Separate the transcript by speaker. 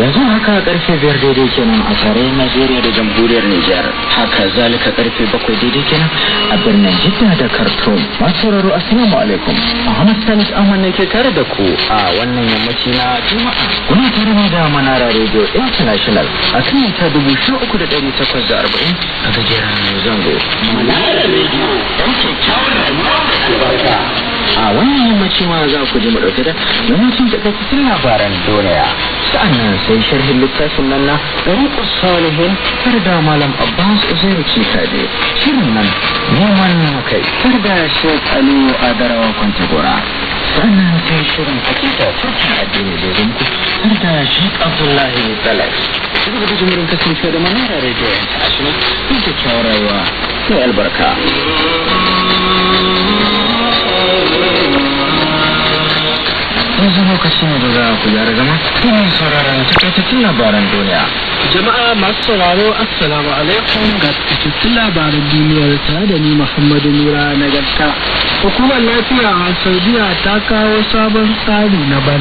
Speaker 1: yanzu haka karfe biyar daidai kenan a tarayyar najeriya da jamhuriyar nijar haka zalika karfe bakwai daidai kenan a birnin jidda da khartoum masu sauraro assalamu alaikum muhammad salis ahmad ne ke tare da ku a wannan yammaci na juma'a kuna tare ne da manara radio international a kan mita dubu sha uku da dari takwas da arba'in a gajeren zango manara radio don kyakkyawar rayuwa kuma shi ma za ku ji mu dauke da mutum takaitattun labaran duniya sa'annan sai sharhin littafin nan na ɗariƙus salihin har da malam abbas uzairu kitabe shirin nan neman kai har da shek aliyu adarawa kwantagora sannan sai shirin hakika cikin addini da yanku har da shek abdullahi talas shi da jimurin kasance da manara rediyon ta ashirin da kyakkyawar rayuwa sai albarka yanzu lokaci ne da za ku gyara zama domin sauraron takaitattun labaran duniya. Jama'a masu sauraro Assalamu alaikum ga takaitattun labaran duniyar tare da ni Muhammadu Nura na gaska. Hukumar lafiya a Saudiya ta kawo sabon tsari na bana.